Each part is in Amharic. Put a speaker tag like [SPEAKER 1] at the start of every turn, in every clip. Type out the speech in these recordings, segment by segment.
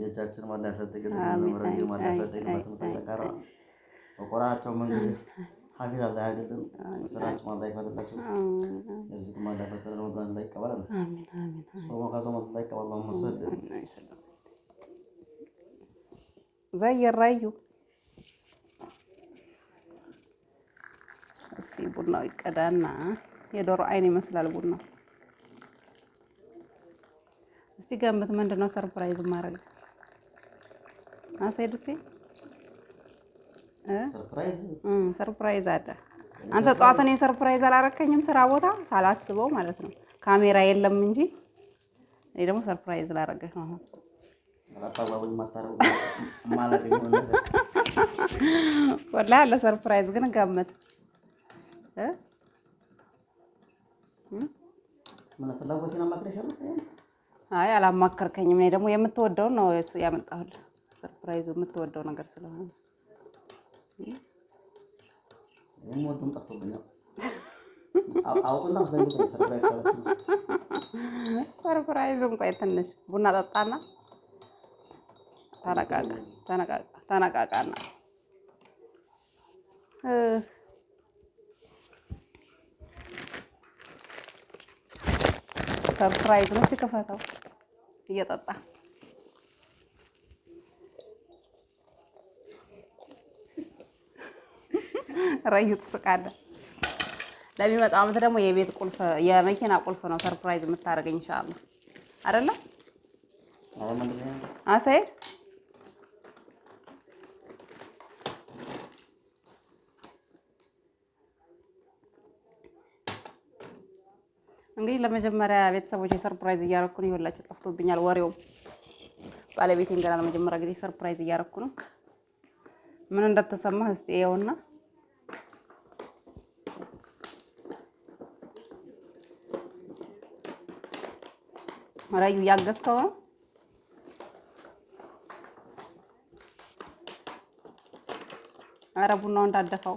[SPEAKER 1] የእጃችን ማን ያሳድግን፣ ምሕረት ማን ያሳድግን፣ በትምህርት ጠንካራ መንገድ ሀፊዝ አላህ ማን ማን ላይ ይቀበል ላይ ይቀበል መስል
[SPEAKER 2] እስኪ ቡናው ይቀዳና የዶሮ አይን ይመስላል ቡናው እስቲ ገምት፣ ምንድን ነው ሰርፕራይዝ ማድረግ አሳይዱ እስቲ ሰርፕራይዝ አለ። አንተ ጠዋት እኔ ሰርፕራይዝ አላረከኝም፣ ስራ ቦታ ሳላስበው ማለት ነው። ካሜራ የለም እንጂ እኔ ደግሞ ሰርፕራይዝ ላረገህ ነው። ወላ ያለ ሰርፕራይዝ ግን ገምት።
[SPEAKER 1] ምን ፍላጎቴን አማክረሻለሁ
[SPEAKER 2] አይ አላማከርከኝም። እኔ ደግሞ የምትወደውን ነው ያመጣሁል። ሰርፕራይዙ የምትወደው ነገር ስለሆነ
[SPEAKER 1] የምወደውን ጠፍቶብኛል።
[SPEAKER 2] ሰርፕራይዙ እንኳን ትንሽ ቡና ጠጣና ተነቃቃና ሰርፕራይዝ ነው ሲከፈተው እየጠጣ ረዩ ትስቃለ። ለሚመጣው አመት ደግሞ የቤት ቁልፍ የመኪና ቁልፍ ነው ሰርፕራይዝ የምታደርገኝ ኢንሻአላህ አይደለ አሰይድ እንግዲህ ለመጀመሪያ ቤተሰቦች የሰርፕራይዝ እያረኩ ነው። ይኸውላችሁ ጠፍቶብኛል ወሬው። ባለቤቴን ገና ለመጀመሪያ ጊዜ ሰርፕራይዝ እያረኩ ነው። ምን እንደተሰማ እስቲ ይኸውና ራዩ እያገዝከው ነው። ኧረ ቡናው እንዳደፋው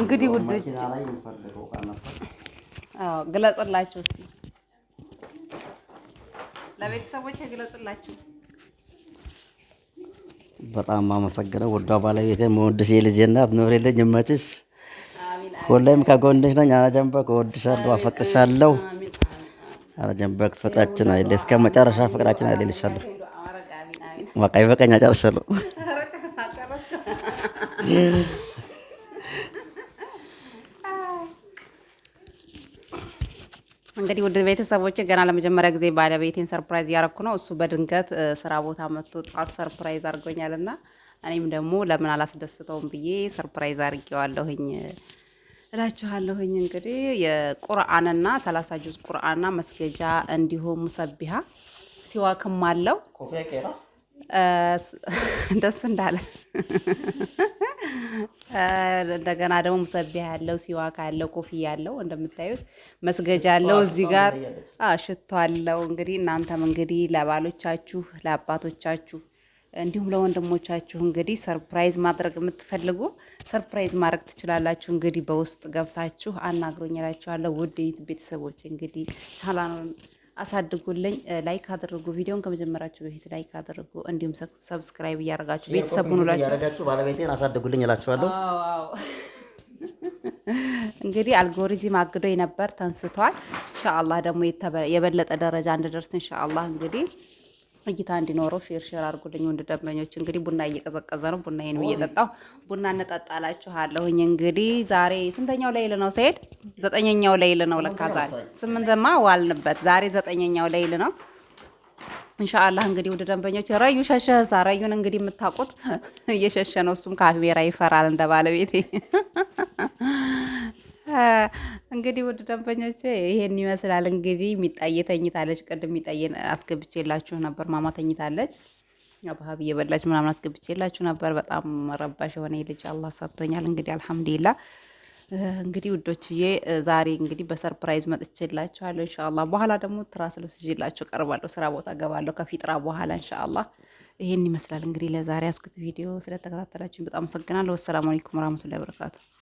[SPEAKER 2] እንግዲህ ውዶች ግለጽላችሁ እስኪ ለቤተሰቦች ግለጽላችሁ።
[SPEAKER 1] በጣም አመሰግነው ወዷ ባለቤቴ መወድሽ የልጄ እናት ኖሬልኝ ይመችሽ። ሁሌም ከጎንሽ ነኝ። አረጀንበግ እወድሻለሁ፣ አፈቅርሻለሁ። አረጀንበግ ፍቅራችን አይሌ እስከ መጨረሻ ፍቅራችን አይሌ ልሻለሁ። በቃ ይበቃኝ፣ አጨርሻለሁ።
[SPEAKER 2] እንግዲህ ውድ ቤተሰቦች ገና ለመጀመሪያ ጊዜ ባለቤቴን ሰርፕራይዝ እያረኩ ነው። እሱ በድንገት ስራ ቦታ መጥቶ ጣት ሰርፕራይዝ አድርጎኛል እና እኔም ደግሞ ለምን አላስደስተውም ብዬ ሰርፕራይዝ አድርጌዋለሁኝ እላችኋለሁኝ። እንግዲህ የቁርአንና ሰላሳ ጁዝ ቁርአንና መስገጃ እንዲሁም ሙሰቢሃ ሲዋክም አለው ደስ እንዳለ እንደገና ደግሞ ሙሰቢያ ያለው ሲዋካ ያለው ኮፍያ ያለው እንደምታዩት መስገጃ አለው እዚህ ጋር ሽቶ አለው። እንግዲህ እናንተም እንግዲህ ለባሎቻችሁ ለአባቶቻችሁ እንዲሁም ለወንድሞቻችሁ እንግዲህ ሰርፕራይዝ ማድረግ የምትፈልጉ ሰርፕራይዝ ማድረግ ትችላላችሁ። እንግዲህ በውስጥ ገብታችሁ አናግሮኝ እላችኋለሁ። ውድ ቤተሰቦች እንግዲህ ቻናሉን አሳድጉልኝ። ላይክ አድርጉ። ቪዲዮን ከመጀመራችሁ በፊት ላይክ አድርጉ። እንዲሁም ሰብስክራይብ እያደረጋችሁ ቤተሰብ
[SPEAKER 1] ሁኑላችሁ። ባለቤቴን አሳድጉልኝ እላችኋለሁ።
[SPEAKER 2] እንግዲህ አልጎሪዝም አግዶ ነበር፣ ተንስቷል። እንሻአላህ ደግሞ የበለጠ ደረጃ እንድደርስ እንሻአላህ እንግዲህ እይታ እንዲኖረው ሼር ሼር አድርጉልኝ። ወንድ ደንበኞች እንግዲህ ቡና እየቀዘቀዘ ነው። ቡና ይሄን እየጠጣሁ ቡና እንጠጣላችኋለሁኝ። እንግዲህ ዛሬ ስንተኛው ሌሊት ነው ሰይድ? ዘጠነኛው ሌሊት ነው ለካ ዛሬ። ስምንትማ ዋልንበት፣ ዛሬ ዘጠነኛው ሌሊት ነው። እንሻአላህ እንግዲህ ወደ ደንበኞች ረዩ ሸሸ ህሳ ረዩን እንግዲህ የምታውቁት እየሸሸ ነው። እሱም ካሜራ ይፈራል እንደ ባለቤቴ እንግዲህ ውድ ደንበኞች ይሄን ይመስላል። እንግዲህ ሚጣዬ ተኝታለች። ቅድም ሚጣዬን አስገብቼላችሁ ነበር። ማማ ተኝታለች። በሀብ እየበላች ምናምን አስገብቼላችሁ ነበር። በጣም ረባሽ የሆነ ልጅ አላህ ሰብቶኛል። እንግዲህ አልሐምዱሊላ። እንግዲህ ውዶችዬ ዛሬ እንግዲህ በሰርፕራይዝ መጥቼላችኋለሁ። እንሻላ በኋላ ደግሞ ትራስ ልብስ ይዤላችሁ ቀርባለሁ። ስራ ቦታ ገባለሁ ከፊጥራ በኋላ እንሻላ። ይሄን ይመስላል እንግዲህ ለዛሬ አስኩት ቪዲዮ። ስለተከታተላችሁ በጣም አመሰግናለሁ። ወሰላሙ አለይኩም ወራህመቱላሂ ወበረካቱ።